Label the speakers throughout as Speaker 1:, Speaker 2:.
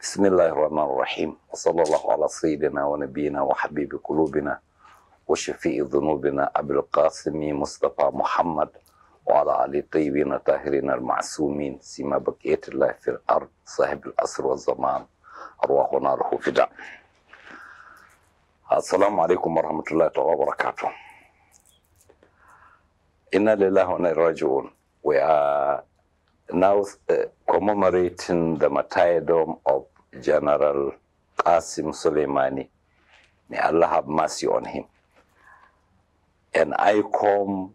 Speaker 1: بسم الله الرحمن الرحيم وصلى الله على سيدنا ونبينا وحبيب قلوبنا وشفيء ذنوبنا أبي القاسم مصطفى محمد وعلى آل الطيبين الطاهرين المعصومين سيما بقية الله في الأرض صاحب الأسر والزمان أرواحنا له فداء السلام عليكم ورحمة الله تعالى وبركاته إنا لله وإنا راجعون We are now uh, commemorating the martyrdom of General Qasim Soleimani. May Allah have mercy on him. and I come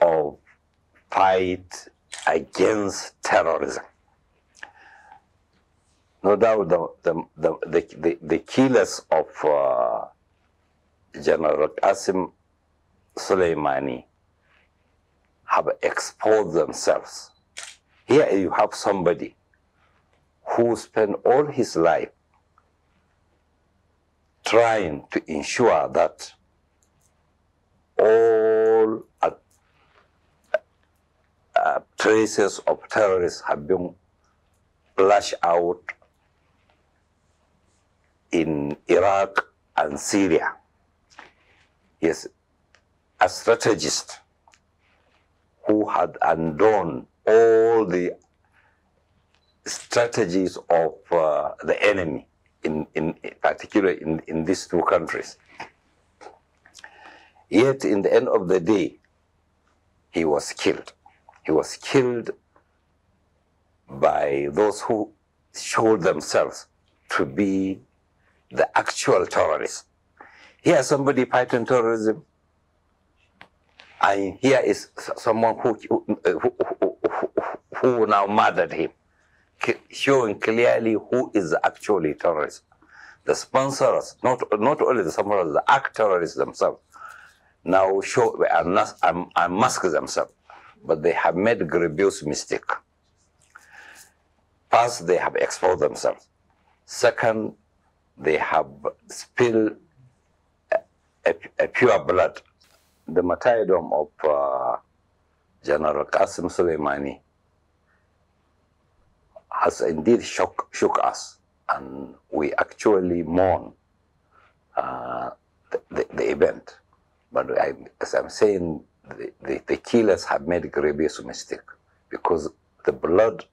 Speaker 1: of fight against terrorism. No doubt the, the, the, the, killers of uh, General Qasim Soleimani have exposed themselves. Here you have somebody who spent all his life trying to ensure that all uh, uh, traces of terrorists have been flushed out in Iraq and Syria. He is a strategist who had undone all the strategies of uh, the enemy, in, in, in particular in, in these two countries. Yet, in the end of the day, he was killed. He was killed by those who showed themselves to be the actual terrorists. Here, somebody fighting terrorism, and here is someone who, who, who, who now murdered him, showing clearly who is actually terrorist. The sponsors, not, not only the sponsors, the act terrorists themselves, now show and, mask themselves, but they have made grievous mistake. First, they have exposed themselves. Second, they have spilled a, a, a pure blood the martyrdom of uh, General Qasim Soleimani has indeed shock, shook us, and we actually mourn uh, the, the, the, event. But I, as I'm saying, the, the, killers have made a grievous mistake because the blood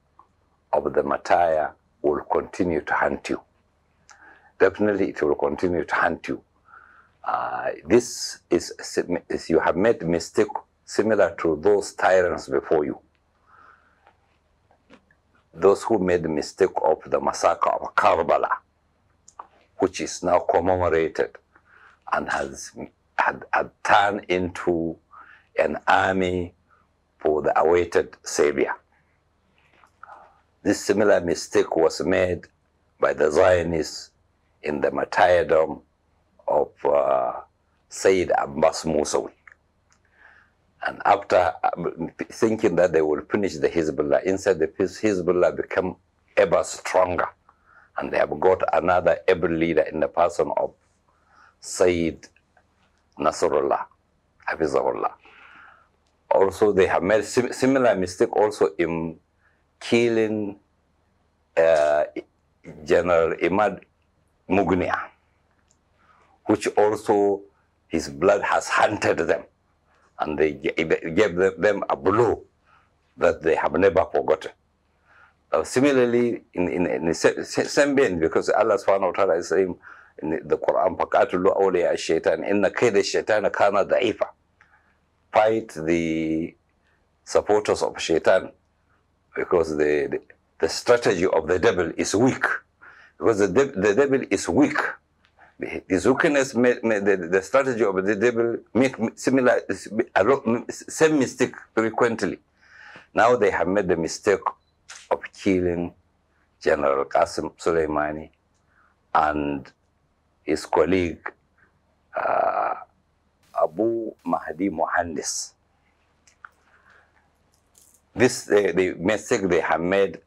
Speaker 1: of the martyr will continue to hunt you. Definitely, it will continue to hunt you uh, this is, is, you have made mistake similar to those tyrants before you. Those who made the mistake of the massacre of Karbala, which is now commemorated and has had, had turned into an army for the awaited savior. This similar mistake was made by the Zionists in the martyrdom of uh, Sayyid Abbas Musawi. And after uh, thinking that they will finish the Hezbollah, instead the Hezbollah become ever stronger. And they have got another able leader in the person of Sayyid Nasrullah, Hafizahullah. Also, they have made sim similar mistake also in killing uh, General Imad Mugniyah which also his blood has hunted them. And they gave them a blow that they have never forgotten. Uh, similarly, in, in, in the same vein, because Allah subhanahu wa ta'ala is saying in the Quran, فَقَاتُلُوا أَوْلِيَا الشَّيْطَانِ إِنَّ كَيْدَ الشَّيْطَانَ كَانَ ضَعِيفًا Fight the supporters of shaitan because the, the, the strategy of the devil is weak. Because the, de the devil is weak the rookiness made, made the, the, strategy of the devil make similar same mistake frequently. Now they have made the mistake of killing General Qasim Soleimani and his colleague uh, Abu Mahdi Mohandes. This uh, the mistake they have made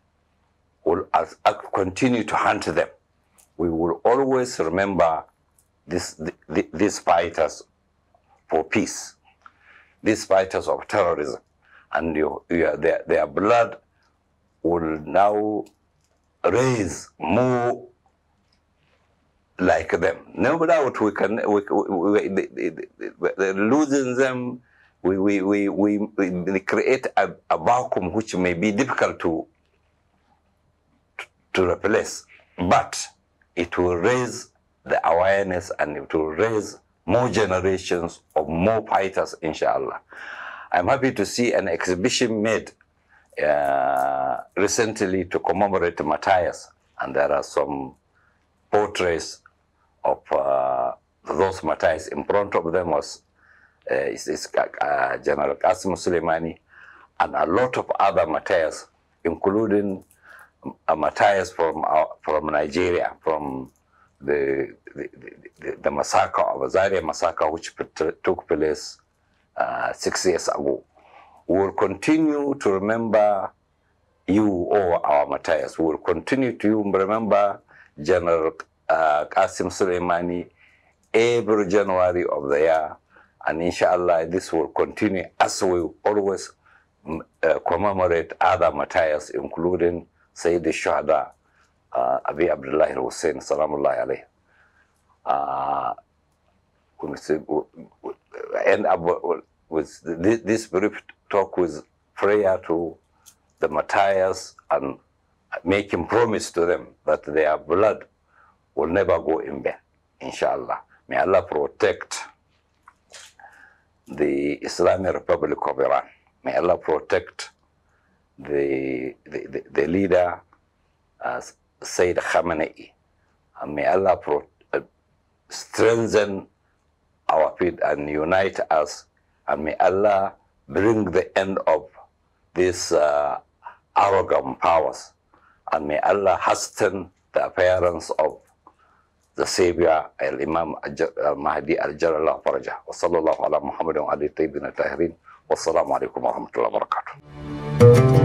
Speaker 1: will uh, continue to hunt them we will always remember this, these fighters for peace, these fighters of terrorism, and you, you, their, their blood will now raise more like them. No doubt we can, we, we, we, losing them, we, we, we, we, we create a, a vacuum which may be difficult to, to replace. But it will raise the awareness and it will raise more generations of more fighters, inshallah. I'm happy to see an exhibition made uh, recently to commemorate Matthias, and there are some portraits of uh, those Matthias. In front of them was uh, is, is, uh, General Qasim Soleimani and a lot of other Matthias, including uh, Matthias from uh, from Nigeria, from the the, the, the massacre of Azaria massacre, which took place uh, six years ago. We will continue to remember you or our Matthias. We will continue to remember General uh, Qasim Soleimani every January of the year. And inshallah, this will continue as we always mm, uh, commemorate other Matthias, including سيد الشهداء أبي عبد الله الحسين سلام الله عليه end up with this brief talk with prayer to the martyrs and making promise to them that their blood will never go in vain, inshallah. May Allah protect the Islamic Republic of Iran. May Allah protect the, the, the leader uh, Sayyid Khamenei. And may Allah pro- uh, strengthen our feet and unite us. And may Allah bring the end of these uh, arrogant powers. And may Allah hasten the appearance of the Savior, Al-Imam Al-Mahdi Al-Jalallah Faraja. Wa ala Muhammadin wa alihi tayyibin al-tahirin. Wassalamu alaikum wa rahmatullahi wa barakatuh.